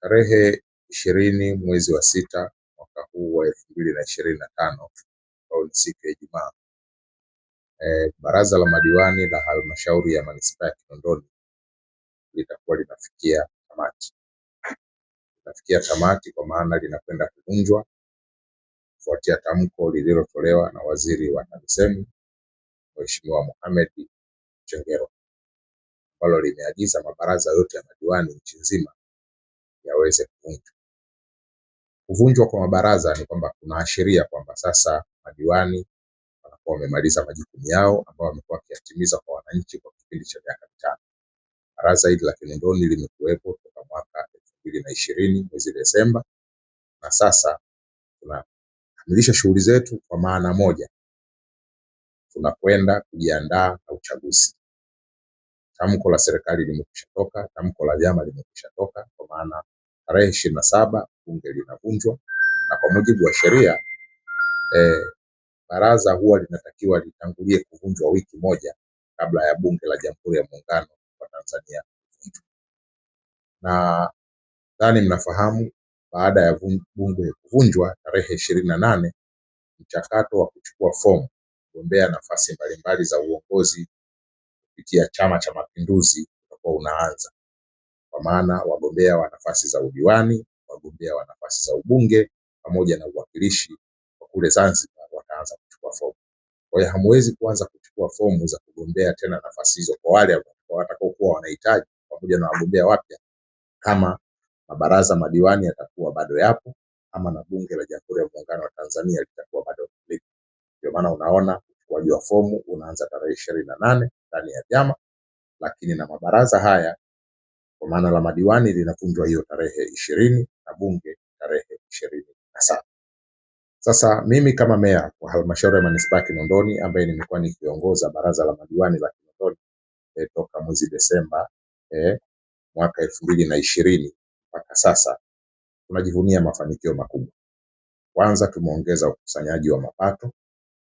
Tarehe ishirini mwezi wa sita mwaka huu wa elfu mbili na ishirini na tano ambayo ni siku ya Ijumaa. E, baraza la madiwani la halmashauri ya manispaa ya Kinondoni litakuwa linafikia tamati, linafikia tamati kwa maana linakwenda kuvunjwa kufuatia tamko lililotolewa na waziri wa TAMISEMI Mheshimiwa Mohamed Chengerwa ambalo limeagiza mabaraza yote ya madiwani nchi nzima yaweze kuvunjwa. Kuvunjwa kwa mabaraza ni kwamba kunaashiria kwamba sasa madiwani wanakuwa wamemaliza majukumu yao ambayo wamekuwa wakiyatimiza kwa wananchi kwa kipindi cha miaka mitano. Baraza hili la Kinondoni limekuwepo toka mwaka elfu mbili na ishirini mwezi Desemba, na sasa tunakamilisha shughuli zetu kwa maana moja, tunakwenda kujiandaa na uchaguzi. Tamko la serikali limekwisha toka, tamko la vyama limekwisha toka, kwa maana tarehe ishirini na saba bunge linavunjwa, na kwa mujibu wa sheria eh, baraza huwa linatakiwa litangulie kuvunjwa wiki moja kabla ya bunge la Jamhuri ya Muungano wa Tanzania kuvunjwa. Na dhani mnafahamu baada ya bunge kuvunjwa tarehe ishirini na nane mchakato wa kuchukua fomu kugombea nafasi mbalimbali za uongozi kupitia Chama cha Mapinduzi utakuwa unaanza kwa maana wagombea wa nafasi za udiwani, wagombea wa nafasi za ubunge pamoja na uwakilishi wa kule Zanzibar wataanza kuchukua fomu. Kwa hiyo hamwezi kuanza kuchukua fomu za kugombea tena nafasi hizo kwa wale watakaokuwa wanahitaji pamoja na wagombea wapya kama mabaraza madiwani yatakuwa bado yapo ama na bunge la Jamhuri ya Muungano wa Tanzania litakuwa bado lipo. Ndio maana unaona uchukuaji wa fomu unaanza tarehe ishirini na nane ndani ya vyama, lakini na mabaraza haya kwa maana la madiwani linavunjwa hiyo tarehe ishirini na bunge tarehe ishirini na saba. Sasa mimi kama meya wa halmashauri ya manispaa ya Kinondoni ambaye nimekuwa nikiongoza baraza la madiwani la Kinondoni eh, toka mwezi Desemba eh, mwaka elfu mbili na ishirini mpaka sasa tunajivunia mafanikio makubwa. Kwanza tumeongeza ukusanyaji wa mapato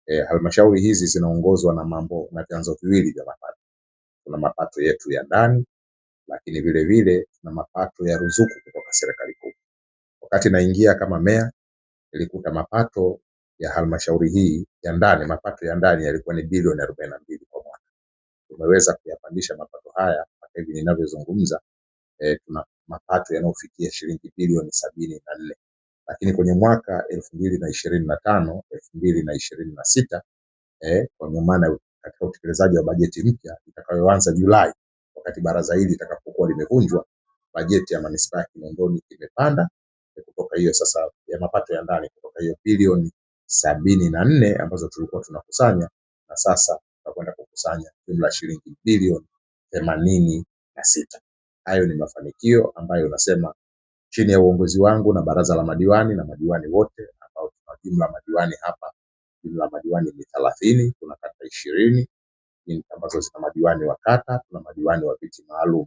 eh, halmashauri hizi zinaongozwa na mambo na vyanzo viwili vya mapato. Kuna mapato yetu ya ndani lakini vile vile na mapato ya ruzuku kutoka serikali kuu. Wakati naingia kama meya, nilikuta mapato ya halmashauri hii ya ndani, mapato ya ndani yalikuwa ni bilioni arobaini na mbili kwa mwaka. Tumeweza kuyapandisha mapato haya mpaka hivi ninavyozungumza, eh, tuna mapato yanayofikia shilingi bilioni sabini na nne lakini kwenye mwaka elfu mbili na ishirini na tano elfu mbili na ishirini na sita eh, kwa maana katika utekelezaji wa bajeti mpya itakayoanza Julai wakati baraza hili litakapokuwa limevunjwa, bajeti ya manispaa ya Kinondoni imepanda kutoka hiyo sasa ya mapato ya ndani kutoka hiyo bilioni sabini na nne ambazo tulikuwa tunakusanya na sasa tutakwenda kukusanya jumla shilingi bilioni themanini na sita. Hayo ni mafanikio ambayo unasema chini ya uongozi wangu na baraza la madiwani na madiwani wote ambao tuna jumla madiwani hapa, jumla madiwani ni thelathini, kuna kata ishirini ambazo zina madiwani wa kata, tuna madiwani wa viti maalum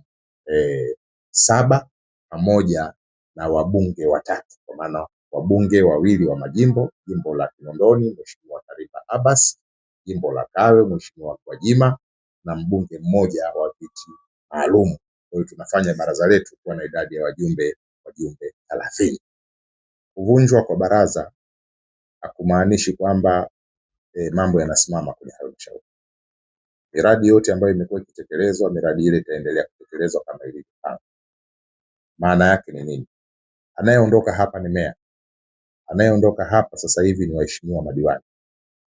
e, saba pamoja na wabunge watatu, kwa maana wabunge wawili wa majimbo, jimbo la Kinondoni Mheshimiwa Tarifa Abbas, jimbo la Kawe Mheshimiwa Gwajima na mbunge mmoja wa viti maalum. Kwa hiyo tunafanya baraza letu kuwa na idadi ya wajumbe wajumbe 30. Kuvunjwa kwa baraza hakumaanishi kwamba e, mambo yanasimama kwenye halmashauri miradi yote ambayo imekuwa ikitekelezwa, miradi ile itaendelea kutekelezwa kama ilivyopangwa. Maana yake ni nini? Anayeondoka hapa ni meya, anayeondoka hapa sasa hivi ni waheshimiwa madiwani.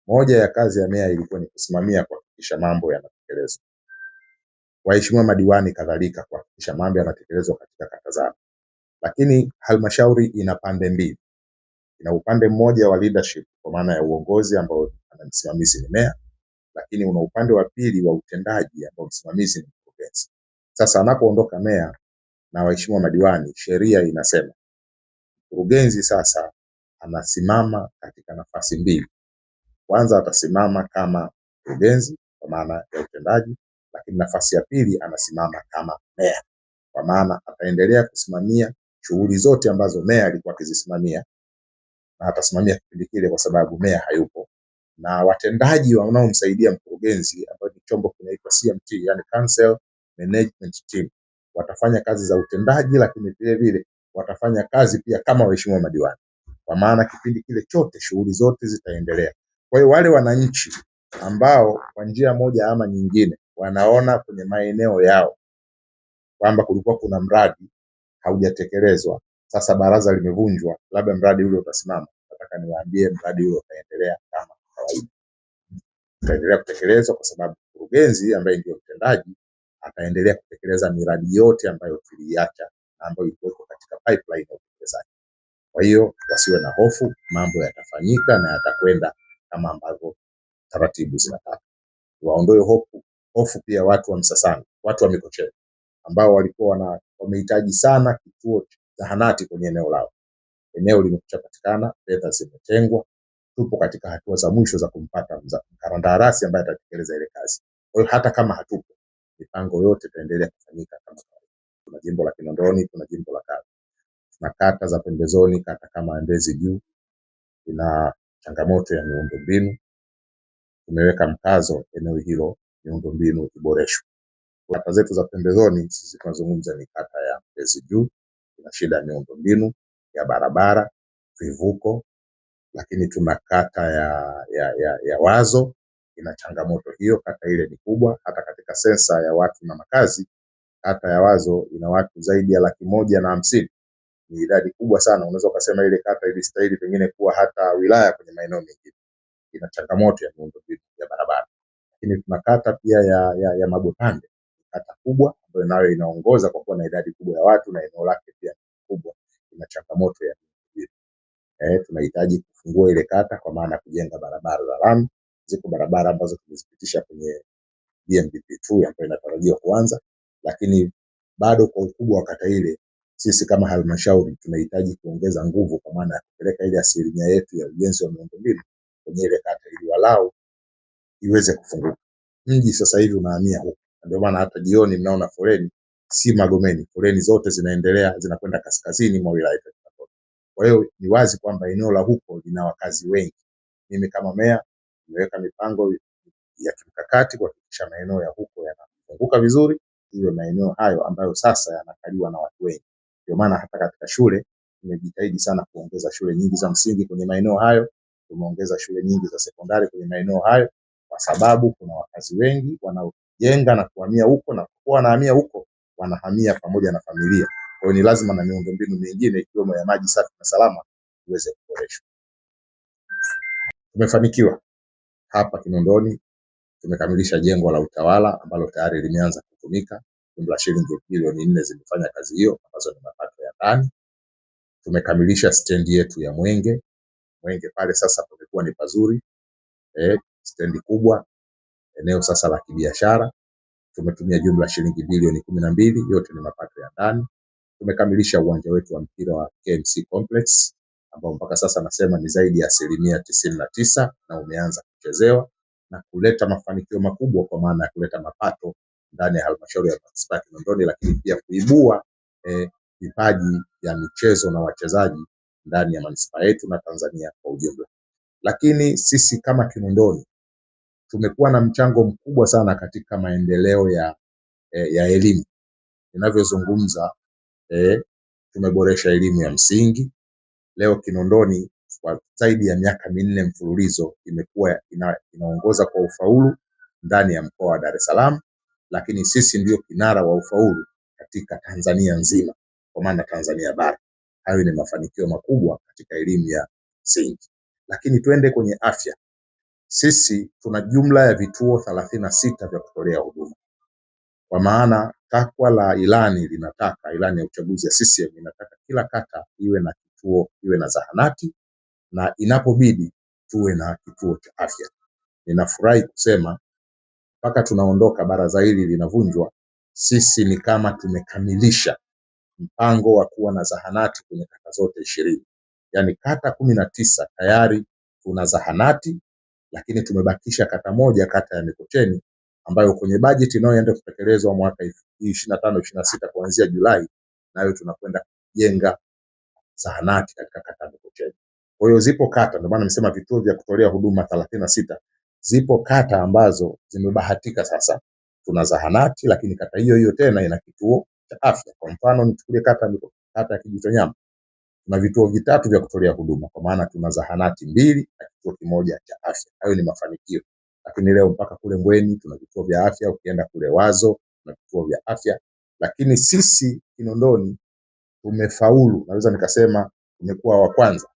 Moja ya kazi ya meya ilikuwa ni kusimamia kuhakikisha mambo yanatekelezwa, waheshimiwa madiwani kadhalika kuhakikisha mambo yanatekelezwa katika kata zao. Lakini halmashauri ina pande mbili, ina upande mmoja wa leadership kwa maana ya uongozi ambao anamsimamizi ni meya lakini una upande wa pili wa utendaji ambao msimamizi ni mkurugenzi. Sasa anapoondoka meya na waheshimiwa madiwani, sheria inasema mkurugenzi sasa anasimama katika nafasi mbili. Kwanza atasimama kama mkurugenzi kwa maana ya utendaji, lakini nafasi ya pili anasimama kama meya, kwa maana ataendelea kusimamia shughuli zote ambazo meya alikuwa akizisimamia na atasimamia kipindi kile, kwa sababu meya hayupo na watendaji wanaomsaidia mkurugenzi ambayo ni chombo kinaitwa CMT, yani Council Management Team, watafanya kazi za utendaji, lakini vile vile watafanya kazi pia kama waheshimiwa madiwani, kwa maana kipindi kile chote shughuli zote zitaendelea. Kwa hiyo wale wananchi ambao kwa njia moja ama nyingine wanaona kwenye maeneo yao kwamba kulikuwa kuna mradi haujatekelezwa, sasa baraza limevunjwa, labda mradi ule utasimama, nataka niwaambie mradi ule utaendelea kama kawaida. Utaendelea kutekelezwa kwa sababu mkurugenzi ambaye ndio mtendaji ataendelea kutekeleza miradi yote ambayo tuliacha ambayo ilikuwa katika pipeline ya utekelezaji. Kwa hiyo wasiwe na hofu, mambo yatafanyika na yatakwenda kama ambavyo taratibu zinataka. Waondoe hofu, hofu pia watu wa Msasani, watu wa Mikocheni ambao walikuwa wamehitaji sana kituo zahanati kwenye eneo lao. Eneo limekwishapatikana, fedha zimetengwa, tupo katika hatua za mwisho za kumpata mkandarasi ambaye atatekeleza ile kazi. Kwa hiyo hata kama hatupo, mipango yote itaendelea kufanyika kama kawaida. Kuna jimbo la Kinondoni, kuna jimbo la Kawe, tuna kata za pembezoni, kata kama Mbezi Juu ina changamoto ya miundombinu. Tumeweka mkazo eneo hilo, miundombinu iboreshwe. Kata zetu za pembezoni, sisi tunazungumza ni kata ya Mbezi Juu, ina shida ya miundombinu ya barabara, vivuko lakini tuna kata ya, ya, ya, ya Wazo ina changamoto hiyo. Kata ile ni kubwa, hata katika sensa ya watu na makazi kata ya Wazo ina watu zaidi ya laki moja na hamsini. Ni idadi kubwa sana, unaweza ukasema ile kata ilistahili pengine kuwa hata wilaya kwenye maeneo mengine. Ina changamoto ya miundombinu ya barabara, lakini tuna kata pia ya, ya, ya Mabotande, kata kubwa ambayo nayo inaongoza kwa kuwa na idadi kubwa ya watu na eneo lake pia kubwa, ina changamoto ya eh, tunahitaji kufungua ile kata kwa maana kujenga barabara za lami. Ziko barabara ambazo tumezipitisha kwenye BMP2 ambayo inatarajiwa kuanza, lakini bado kwa ukubwa wa kata ile sisi kama halmashauri tunahitaji kuongeza nguvu kwa maana ya kupeleka ile asilimia yetu ya ujenzi wa miundombinu kwenye ile kata ili walau iweze kufunguka. Mji sasa hivi unahamia huko, ndio maana hata jioni mnaona foleni si Magomeni, foleni zote zinaendelea zinakwenda kaskazini mwa wilaya. Kwa hiyo ni wazi kwamba eneo la huko lina wakazi wengi. Mimi kama meya nimeweka mipango ya kimkakati kuhakikisha maeneo ya huko yanafunguka vizuri, iwe maeneo hayo ambayo sasa yanakaliwa na watu wengi. Ndio maana hata katika shule tumejitahidi sana kuongeza shule nyingi za msingi kwenye maeneo hayo, tumeongeza shule nyingi za sekondari kwenye maeneo hayo, kwa sababu kuna wakazi wengi wanaojenga na kuhamia huko, na wanahamia huko wanahamia pamoja na familia. Kwa hiyo ni lazima na miundombinu mingine ikiwemo ya maji safi na salama iweze kuboreshwa. Tumefanikiwa hapa Kinondoni, tumekamilisha jengo la utawala ambalo tayari limeanza kutumika. Jumla shilingi bilioni nne zimefanya kazi hiyo, ambazo ni mapato ya ndani. Tumekamilisha stendi yetu ya Mwenge. Mwenge pale sasa pamekuwa ni pazuri eh, stendi kubwa, eneo sasa la kibiashara. Tumetumia jumla shilingi bilioni kumi na mbili, yote ni mapato ya ndani. Tumekamilisha uwanja wetu wa mpira wa KMC Complex ambao mpaka sasa nasema ni zaidi ya asilimia tisini na tisa na umeanza kuchezewa na kuleta mafanikio makubwa kwa maana ya kuleta mapato ndani ya halmashauri ya manispaa ya Kinondoni, lakini pia kuibua eh, vipaji eh, ya michezo na wachezaji ndani ya manispaa yetu na Tanzania kwa ujumla. Lakini sisi kama Kinondoni tumekuwa na mchango mkubwa sana katika maendeleo ya, eh, ya elimu. Ninavyozungumza eh, tumeboresha elimu ya msingi. Leo Kinondoni kwa zaidi ya miaka minne mfululizo imekuwa ina, inaongoza kwa ufaulu ndani ya mkoa wa Dar es Salaam, lakini sisi ndio kinara wa ufaulu katika Tanzania nzima kwa maana Tanzania bara. Hayo ni mafanikio makubwa katika elimu ya msingi, lakini twende kwenye afya. Sisi tuna jumla ya vituo thelathini na sita vya kutolea huduma kwa maana takwa la ilani linataka, ilani ya uchaguzi ya CCM inataka kila kata iwe na kituo, iwe na zahanati na inapobidi tuwe na kituo cha afya. Ninafurahi kusema mpaka tunaondoka, baraza hili linavunjwa, sisi ni kama tumekamilisha mpango wa kuwa na zahanati kwenye kata zote ishirini, yaani kata kumi na tisa tayari tuna zahanati, lakini tumebakisha kata moja, kata ya Mikocheni ambayo kwenye bajeti inayoenda kutekelezwa mwaka 2025 26 kuanzia Julai, nayo tunakwenda kujenga zahanati katika kata ya Mikocheni. Kwa hiyo zipo kata, ndio maana nimesema vituo vya kutolea huduma 36 zipo kata ambazo zimebahatika sasa tuna zahanati, lakini kata hiyo hiyo tena ina kituo cha afya. Kwa mfano nichukulie kata kata ya Kijitonyama tuna vituo vitatu vya kutolea huduma, kwa maana tuna zahanati mbili na kituo kimoja cha afya. Hayo ni mafanikio lakini leo mpaka kule Mbweni tuna vituo vya afya, ukienda kule Wazo na vituo vya afya. Lakini sisi Kinondoni tumefaulu, naweza nikasema tumekuwa wa kwanza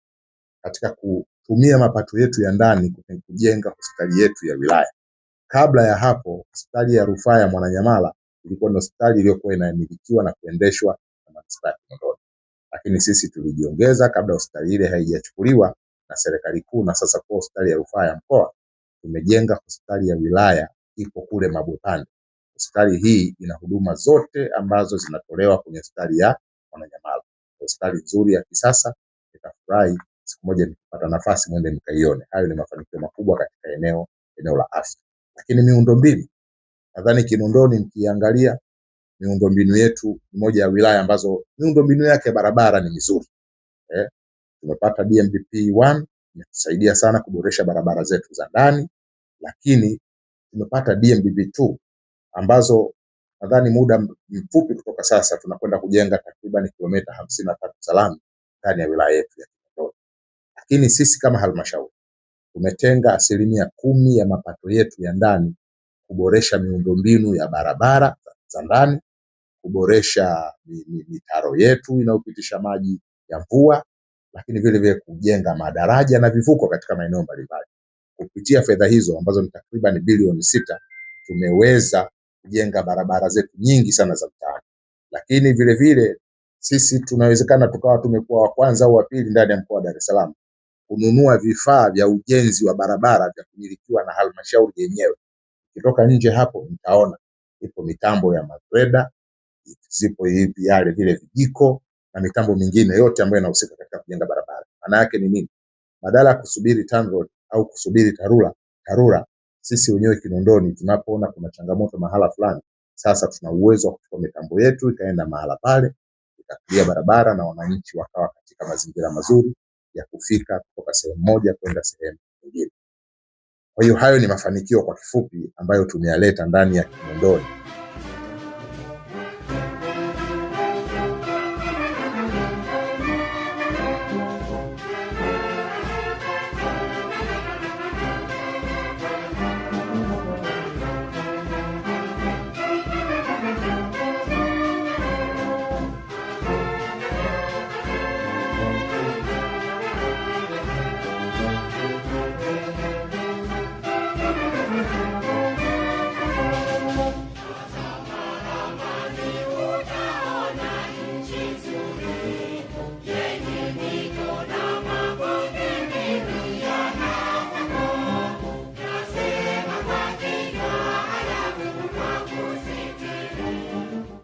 katika kutumia mapato yetu ya ndani kujenga hospitali yetu ya wilaya. Kabla ya hapo, hospitali ya rufaa ya Mwananyamala ilikuwa ni hospitali iliyokuwa inamilikiwa na kuendeshwa na manispaa ya Kinondoni, lakini sisi tulijiongeza kabla hospitali ile haijachukuliwa na serikali kuu, na sasa kwa hospitali ya rufaa ya mkoa tumejenga hospitali ya wilaya iko kule Mabwepande. Hospitali hii ina huduma zote ambazo zinatolewa kwenye hospitali ya Mwananyamala. Hospitali nzuri ya kisasa, nitafurahi siku moja nikipata nafasi mwende nikaione. Hayo ni mafanikio makubwa katika eneo eneo la afya. Lakini miundombinu, nadhani Kinondoni mkiangalia miundombinu yetu ni moja ya wilaya ambazo miundombinu yake barabara ni mizuri. Eh, tumepata DMVP 1 imetusaidia sana kuboresha barabara zetu za ndani lakini tumepata DMBB2 ambazo nadhani muda mfupi kutoka sasa tunakwenda kujenga takriban kilomita hamsini na tatu za lami ndani ya wilaya yetu ya Kinondoni. Lakini sisi kama halmashauri tumetenga asilimia kumi ya mapato yetu ya ndani kuboresha miundombinu ya barabara za ndani, kuboresha mitaro yetu inayopitisha maji ya mvua, lakini vile vile kujenga madaraja na vivuko katika maeneo mbalimbali. Kupitia fedha hizo ambazo ni takriban bilioni sita tumeweza kujenga barabara zetu nyingi sana za mtaani, lakini vilevile sisi tunawezekana tukawa tumekuwa wa kwanza au wa pili ndani ya mkoa wa Dar es Salaam kununua vifaa vya ujenzi wa barabara vya kumilikiwa na halmashauri yenyewe. Ukitoka nje hapo mtaona ipo mitambo ya magreda, zipo hivi yale vile vijiko na mitambo mingine yote ambayo inahusika katika kujenga barabara. Maana yake ni nini? Badala ya kusubiri TANROADS au kusubiri TARURA. TARURA sisi wenyewe Kinondoni tunapoona kuna changamoto mahala fulani, sasa tuna uwezo wa kuchukua mitambo yetu ikaenda mahala pale ikakulia barabara na wananchi wakawa katika mazingira mazuri ya kufika kutoka sehemu moja kwenda sehemu nyingine. Kwa hiyo hayo ni mafanikio kwa kifupi ambayo tumeyaleta ndani ya Kinondoni.